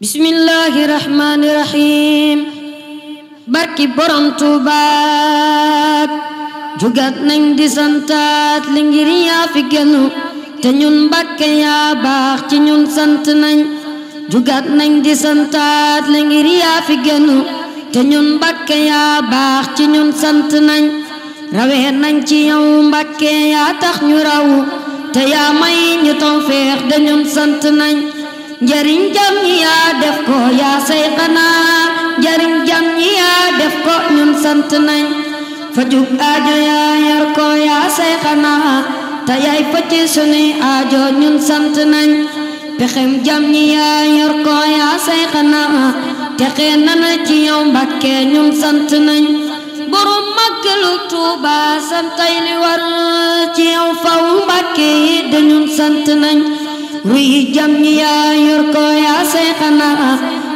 bismillaahi rahmaani rahiim barki borom tuubaat jugat nañ di santaat li ngir yaa fi gënu te ñun mbàkke yaa baax ci ñun sant nañ jugat nañ di santaat li ngir yaa fi gënu te ñun bakke yaa baax ci ñun sant nañ rawee nañ ci yow mbàkke yaa tax ñu raw te yaa may ñu tawfeex de ñun sant nañ njariñ jam ñi yaa def ko yaa say xanaa njariñ jam ñi yaa def ko ñun sant nañ fajug aajo yaa yor ko yaa say xanaa te yaay sunuy aajo ñun sant nañ pexem jam ñi yaa yor ko yaa say xanaa texe nana ci yow Mbàkke ñun sant nañ borom màggalu Tuuba santay li war ci yow faw Mbàkke yi dañun sant nañ ruyi jam ñi yaa yor ko yaa seyxana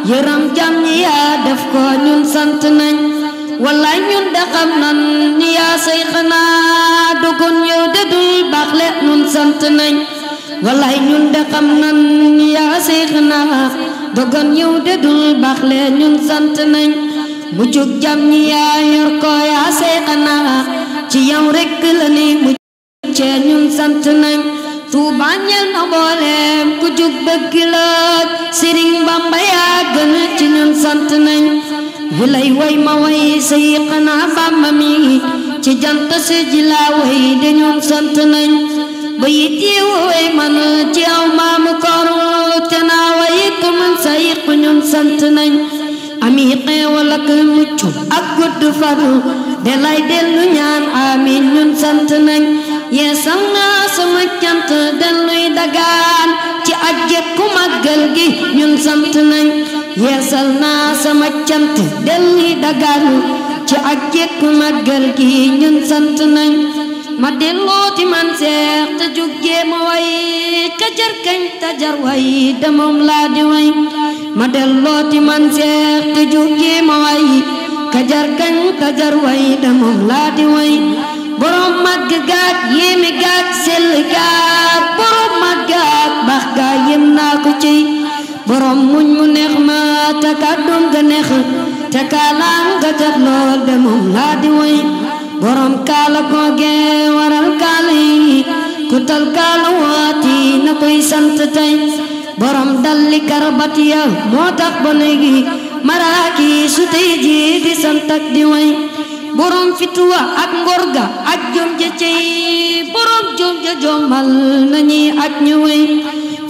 yëram jam ñi yaa def ñun sant nañ wallaay ñun de xam nan ñi yaa seyxana dugun yow de dul baaxle ñun sant nañ wallaay ñun de xam nan ñi yaa seyxana dugun yow de dul baaxle ñun sant nañ mujjug jam ñi yaa yor ko yaa seyxana ci yow rekk la ni mujjee ñun sant nañ Tuuba ñel na mbooleem ku jub bëgg la Bamba yaa gën ci ñun sant nañ wilay way ma way say xanaa Bamba mi ci jant si ji way de ñoom sant nañ ba yit yi way man aw maamu kooru te naa way ku man say ñun sant nañ ami xeewal ak mucc ak gudd faru de lay dellu ñaan amin ñun sant nañ yeesal naa sama cant delluy dagaan ci ak jekku màggal gi ñun sant nañ yeesal naa sama cant delluy dagaan ci ak jekku màggal gi ñun sant nañ ma dellooti man seex te jóggee di way ma dellooti man seex te jóggee ma way ka jar kañ ta da moom laa di way borom màgg gaag yéeme gaag sell gaag borom màgg gaag baax gaag naa ko ci borom muñ mu neex ma te kàddoom ga neex te kaalaam ga jot lool de moom laa di borom kaala googe waral kaala yi ku tal kaala waati na koy sant borom dalli karabat moo tax ba léegi maraaki di sant ak borom fituwa ak ngorga ak jom ja cey borom jom ja jomal ak aj ñu wey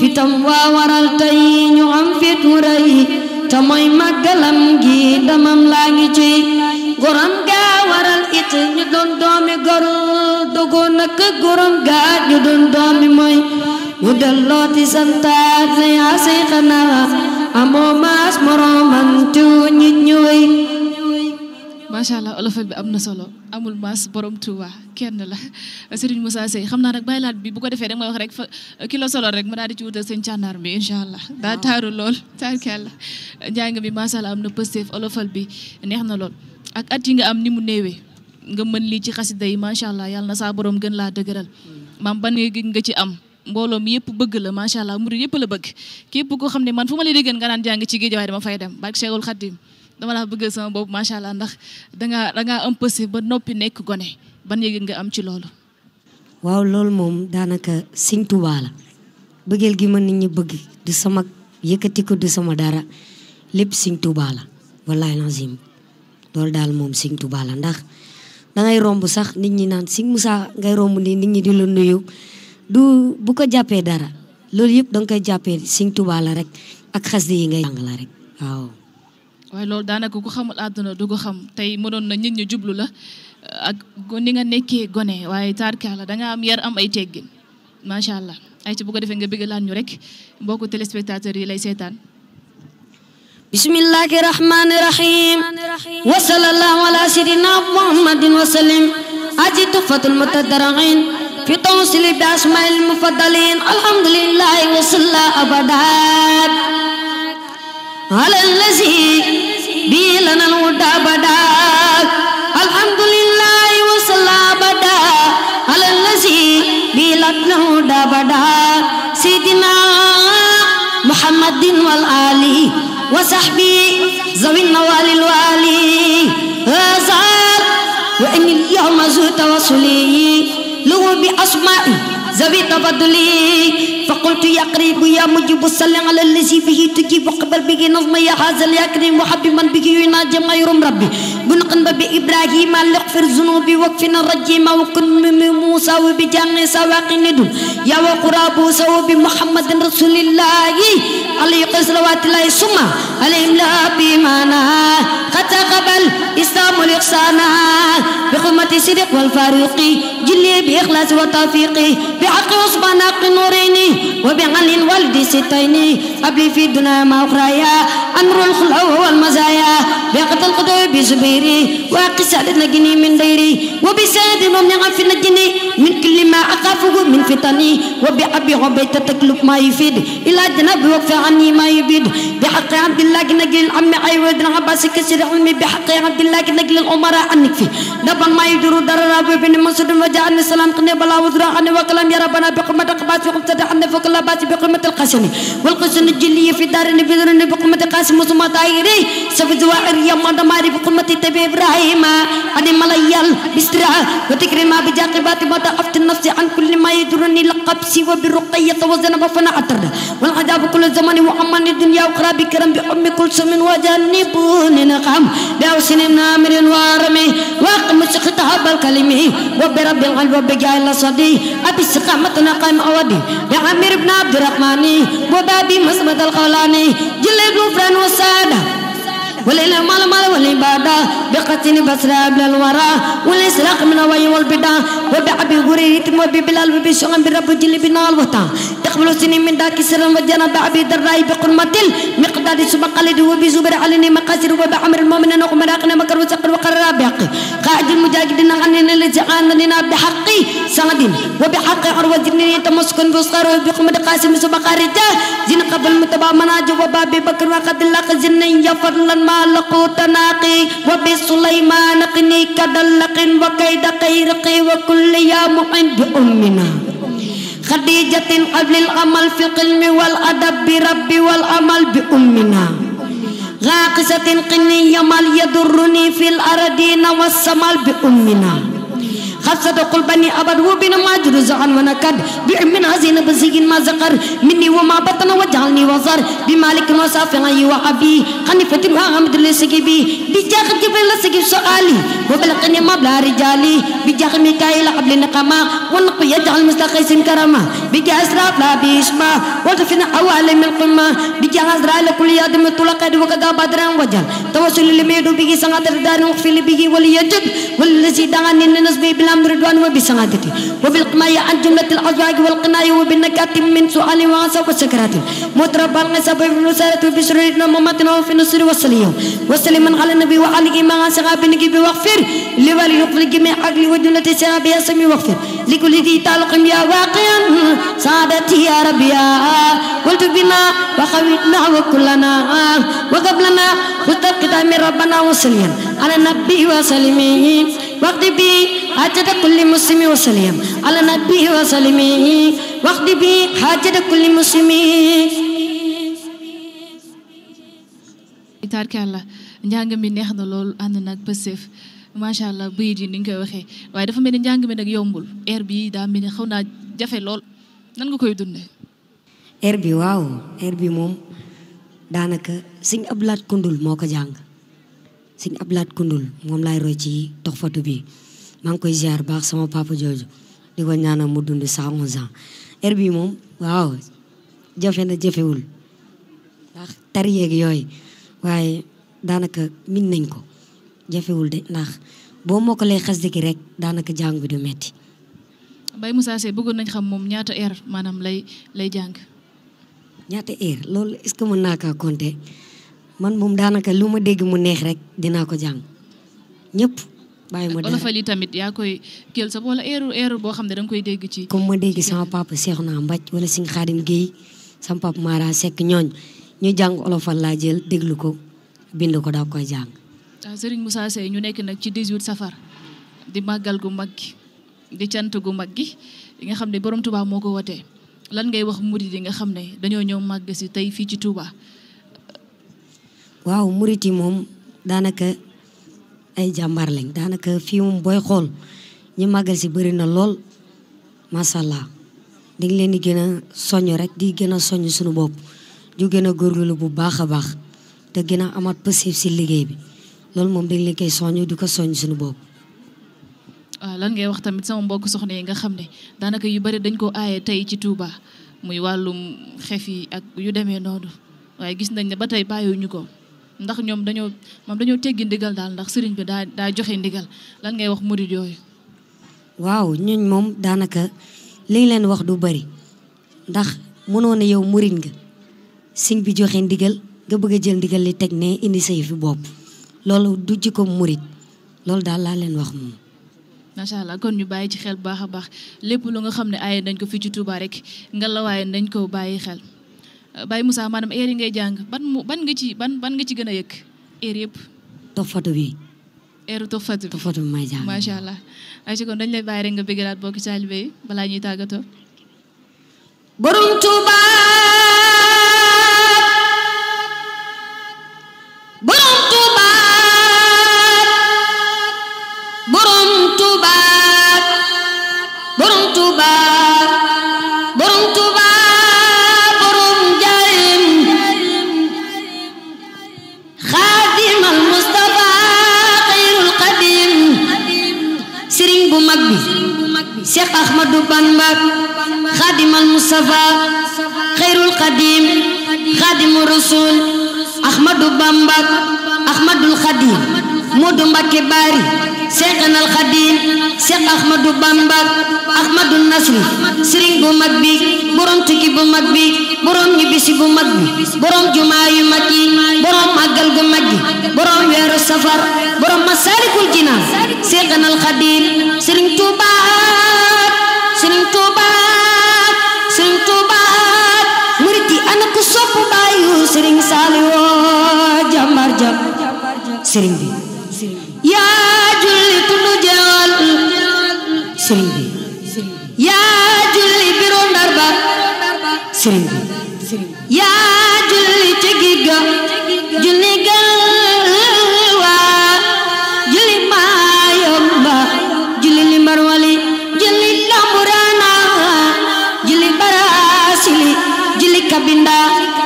fitam waa waral tey ñu am fitu rey te mooy màggalam gi damam laa ngi cey gaa waral it ñu doomi gor dogoo nak gorom gaa ñu doomi mooy ñu dellooti santaat na yaa say xanaa amoo maas moroman tiw nit ñu macha allah olofel bi am na solo amul maas borom Touba kenn la Serigne Moussa Seye xam naa rek bàyyi laat bi bu ko defee da nga wax rek fa kilo solo rek ma daal di ci wutal seen cànnaar bi incha allah. daa taaru lool taarkalla njàng bi macha allah na pësteef olofel bi neex na lool ak at yi nga am ni mu néewee nga mën lii ci xasida yi macha allah yàlla na saa borom gën laa dëgëral maam ban nga ci am. mbooloo mi yëpp bëgg la macha allah murid yëpp la bëgg ne man fu ma la déggee nga naan jàng ci géej waaye dem barke Cheikhul Khadim dama laa bëgg sama boobu macha allah ndax dangaa dangaa imposé ba noppi nekk gone ban yëg nga am ci loolu. waaw loolu moom daanaka Sëñ Tuubaa bëggeel gi ma nit ñi bëgg du sama yëkkati ko du sama dara lépp Sëñ Tuubaa la wallaay lazim loolu daal moom Sëñ Tuubaa la ndax dangay romb sax nit ñi naan Sëñ Musaa ngay romb nii nit ñi di la nuyu du bu ko jàppee dara loolu yëpp danga koy jàppee Sëñ Tuubaa rek ak xas yi ngay jàng la rek waaw. waaye loolu daanaka ku xamul àdduna du xam tey mënoon na nit ñi jublu la uh, ak ni nga nekkee gone waaye taarkaa la danga am yar am ay teggin macha allah ay ci bu ko defee nga bëgg laan ñu rek mbokku téléspectateurs yi lay seetaan bismillahi rahmani rahim wa sallallahu ala sayyidina muhammadin wa sallim aji tufatul fi tawsili bi asmail mufaddalin alhamdulillahi wa salla على الذي بي لنا الهدى بدا الحمد لله وصلى بدا على الذي بي لنا الهدى بدا سيدنا محمد والآله وصحبه ذوي النوال الوالي هذا وإن اليوم ذو توصلي له بأسمائي zawi tafadduli fa qultu ya qaribu ya mujibu salli ala allazi bihi tujibu qabal bihi nazma ya hazal ya karim wa habbi man bihi yunaji mayrum rabbi bunqan bi ibrahima lighfir zunubi waqfina rajima wa kun min musa wa bi janni sawaqin dun ya wa qurabu sawu bi muhammadin rasulillahi alayhi salawatullahi summa alayhim la bi mana إسلام الإحسان بخدمة صدق والفاروق جلي بإخلاص وتوفيق بحق عصبان حق نورين وبعل والد ستين قبلي في الدنيا ما أخرى أمر الخلع وهو المزايا بياقة القضاء بزبيري وقسالة نجني من ديري وبساد ومنع في نجني من كل ما أخافه من فتني وبأبي عبيت تكلف ما يفيد إلى جنب وقف عني ما يبيد بحق عبد الله نجل العم عيود العباس كسر علمي بحق عبد الله نجل الأمراء عنك فيه دبا ما يدور درر أبو بن مسعود وجعلني سلام قني بلا وزرع عني وقلم يا ربنا بقمة قباس وقمت عني فوق لباس بقمة القسم والقسم الجلي في دار النبي بقمة القسم semua semua tairi sebijua riya mada mari bukun mati tabi Ibrahim ani malayal bisra wa tikrima bi jaqibati mada afti nafsi an kulli ma yaduruni laqabsi wa bi ruqayyah wa zanaba fana atarda wal adab kullu zamani wa amani dunya wa qrabi karam bi ummi kul sumin wa janibuni naqam bi awsinin amirin wa armi wa aqmu sikhtaha bal kalimi wa bi rabbil qalbi wa bi ja'il sadi abi istiqamatuna qaim awadi ya amir ibn abd الرحمن وبابي مسمد الخولاني جلب فرن وسادة وليل الململ والعبادة بقتل بسر قبل الورى والإسراق من وي والبدع وبعبي قريت وببلال وبشغن برب جل بنا الوطن يقبل سني من داك سرا وجنب أبي الدراء بقرمة المقداد سبق قلد وبزبر علني مقاسر وبعمر المؤمن نقم راقنا مكر وسقر وقر رابق قاعد المجاهدين غنينا لزعان لنا بحقي سعد وبحق عروة جنين تمسكن بصقر بقمد قاسم سبق رجا زين قبل متبع مناج وبابي بكر وقد لق زنين يفر لن ما لقوت ناقي وبسليمان قني كدلق وكيد قيرقي وكل يا معين بأمنا خديجة قبل الأمل في القلم والأدب برب والأمل بأمنا غاقسة قني يمل يضرني في الأرضين والسمل بأمنا خفت قلبني أبد وبنا ما جرزعا ونكد بعمن عزين بزين ما زقر مني وما بطن وجعلني وزر بمالك وصافعا وعبي خنفة وعمد لسكبي بجاخ جبل سكب سؤالي وبلغني مبلغ رجالي بجاخ ميكائيل قبل نقما ونقي يجعل مستقيس كرما بجاء إسراف لا بيشما وغفنا أوالي من قمة بجاء عزراء لكل يد من طلقات وكذا بدرا وجل توصل لميدو بيجي سنغادر دار وخفي لبيجي وليجد ولي التي دعاني لنصبي بالامر رضوان وبسعادتي وبالقماية عن جملة الأزواج والقناية وبالنكات من سؤال وعسى وسكرات متربى القصب بالنسارة وبشرور نمامتنا وفي النصر والسليم وسلما على النبي وعلى مع صحاب النبي واغفر لولي نقل جميع عقلي وجملة سحابي اسمي واغفر لكل ذي تعلق يا واقعا سعادتي يا ربي قلت بنا وخويتنا وكلنا وقبلنا خذ القدام ربنا وسليا على النبي وسلمين واقض بي حاجة كل مسلم وسلم على نبيه وسلمه واقض بي حاجة كل مسلم taarkalla njàng mi neex na loolu ànd nag pësef macha allah bëyit yi ni nga koy waxee waaye dafa mel ni njàng mi nag yombul air bi daa mel ni xaw naa jafe lool nan nga koy dunde air bi waaw air bi moom daanaka sëñ Abdulaat Kundul moo ko jàng sëñ Ablaat Kundul moom laay roy ci toxfatu bi maa ngi koy ziar baax sama papa jooju di ko ñaanal mu dund cent onze ans heure bi moom waaw jafe na jafewul ndax tar yeeg yooyu waaye daanaka min nañ ko jafewul de ndax boo mokkalee xasida gi rek daanaka jàng bi du metti Baye Moussa Seye bëggoon nañ xam moom ñaata heure maanaam lay lay jàng ñaata heure loolu est-ce que mën naa kaa compter man moom daanaka lu ma dégg mu neex rek dinaa ko jàng ñëpp bàyyi ma dara olofali tamit yaa koy kël sa wala erreur erreur boo xam ne da koy dégg ci. comme ma dégg sama papa naa Mbaj wala Sëñ Xaadim Guèye sama papa Mara sekk ñooñ ñu jàng olofal laa jël déglu ko bind ko daa koy jàng. ah Serigne Moussa Seye ñu nekk nag ci 18 safar di màggal gu mag gi di cant gu mag gi di nga xam ne borom Touba moo ko wootee lan ngay wax murid yi nga xam ne dañoo ñëw màgg si tey fii ci Touba. waaw murit yi moom daanaka ay jàmbaar lañ daanaka fii moom booy xool ñu màggal si bëri na lool macha allah dañ leen di gën a soññ rek di gën a soññ suñu bopp ju gën a góorgóorlu bu baax a baax te gën a amaat passif si liggéey bi loolu moom dañ leen koy soññ di ko soññ suñu bopp. waaw ah, lan ngay wax tamit sama mbokk soxna yi nga xam ne daanaka yu bari dañ koo aaye tey ci tuuba muy wàllum xef yi ak yu demee noonu waaye gis nañ ne ba tey bàyyiwuñu ko. ndax ñoom dañoo moom dañoo teggi ndigal daal ndax sëriñ bi daa daa joxe ndigal lan ngay wax murid yooyu. waaw ñooñ moom daanaka li leen wax du bari ndax mënoon na yow murid nga sëñ bi joxe ndigal nga bëgg a jël ndigal li teg ne indi say fi bopp loolu du jikko murid loolu daal laa leen wax moom. macha allah kon ñu bàyyi ci xel baax a baax lépp lu nga xam ne ay dañ ko fi ci Touba rek nga la waaye dañ ko bàyyi xel. Eh, Baye Moussa maanaam air yi ngay jàng ban ban nga ci ban ban nga ci gën a yëg air yëpp. toppatu bi. air toppatu bi toppatu bi maa jàng macha allah. ayca kon dañ lay bàyyi rek nga boo bokki taalibe yi balaa ñuy tàggatoo. borom Tuubaa. Cheikh Ahmadou Bamba xaadimal Mustafa xayrul xadim xaadimu rasul Ahmadou Bamba Ahmadul xadim Modou Mbacké Bari Cheikhal xadim Cheikh Ahmadou Bamba Ahmadou Nasri sëriñ bu mag bi tukki bu mag bi borom ñibbisi bu mag bi borom jumaa yu mag yi borom màggal gu mag gi borom weeru safar borom masalikul jinaan seexanal xadim sëriñ tuubaat sëriñ tuubaat sëriñ tuubaat murit yi ana ku sopp baayu sëriñ saali woo jàmbar jàmbar sëriñ bi yaa sëriñ bi yaa julli ci gigga julli galwa julli maayomba julli limarwali julli lamburana julli barasili julli kabinda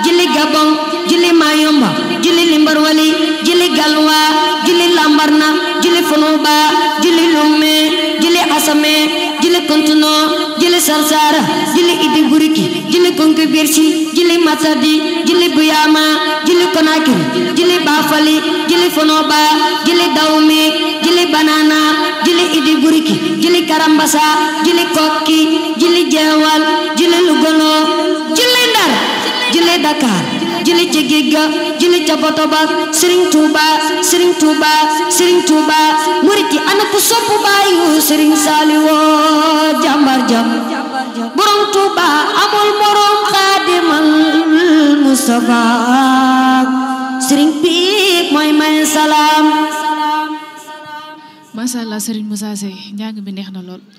julli gabon julli maayomba julli limarwali julli galwa julli lambarna julli funuba julli lumme julli asame julli kontuno jili sarsara jili idi buriki jili konki birsi jili masadi jili buyama jili konakiri jili bafali fonoba jili dawmi jili banana jili idi buriki jili karambasa jili kokki jili jeewal jili lugono jili ndar jili dakar jële ca géej ga jële ca boto ba sëriñ tuuba sëriñ tuuba sëriñ tuuba baayu sëriñ saaliwo jàmbar ja borom tuuba amul morom xaadimal mustafa sëriñ piik mooy may salaam macha allah sëriñ Moussa Seye bi neex na lool